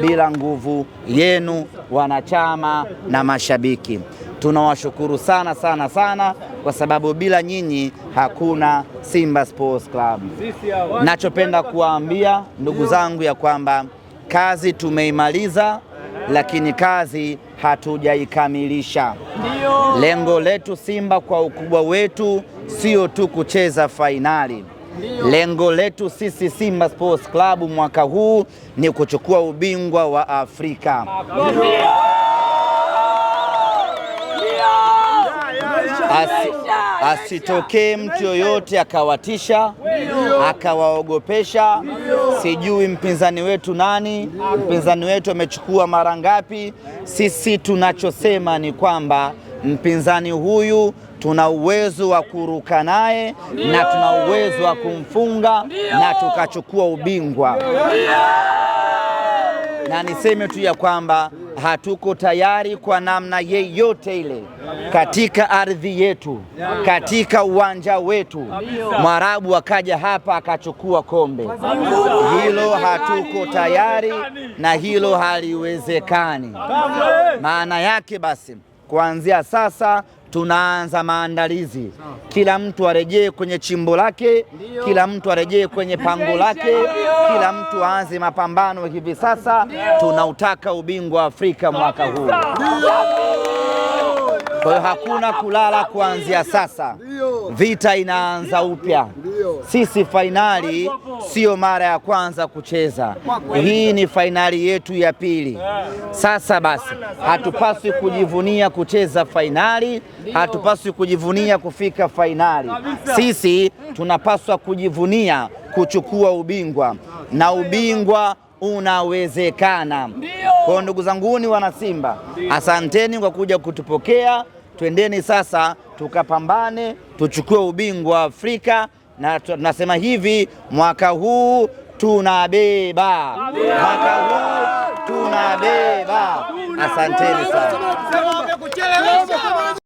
bila nguvu yenu wanachama na mashabiki. Tunawashukuru sana sana sana kwa sababu bila nyinyi hakuna Simba Sports Club. Nachopenda kuwaambia ndugu zangu ya kwamba kazi tumeimaliza, lakini kazi hatujaikamilisha. Lengo letu Simba kwa ukubwa wetu sio tu kucheza fainali Lengo letu sisi Simba Sports Club mwaka huu ni kuchukua ubingwa wa Afrika. Asitokee mtu yoyote akawatisha akawaogopesha. Sijui mpinzani wetu nani, mpinzani wetu amechukua mara ngapi. Sisi tunachosema ni kwamba mpinzani huyu tuna uwezo wa kuruka naye na tuna uwezo wa kumfunga na tukachukua ubingwa. Na niseme tu ya kwamba hatuko tayari kwa namna yeyote ile katika ardhi yetu, katika uwanja wetu, Mwarabu akaja hapa akachukua kombe. Hilo hatuko tayari na hilo haliwezekani. Maana yake basi kuanzia sasa tunaanza maandalizi, kila mtu arejee kwenye chimbo lake, kila mtu arejee kwenye pango lake, kila mtu aanze mapambano hivi sasa. Tunautaka ubingwa wa Afrika mwaka huu, kwa hiyo hakuna kulala kuanzia sasa vita inaanza upya. Sisi fainali siyo mara ya kwanza kucheza, hii ni fainali yetu ya pili. Sasa basi, hatupaswi kujivunia kucheza fainali, hatupaswi kujivunia kufika fainali. Sisi tunapaswa kujivunia kuchukua ubingwa, na ubingwa unawezekana. Kwa ndugu zanguni wana Simba, asanteni kwa kuja kutupokea. Twendeni sasa tukapambane tuchukue ubingwa wa Afrika, na tunasema hivi, mwaka huu tunabeba, mwaka huu tunabeba. Asanteni sana.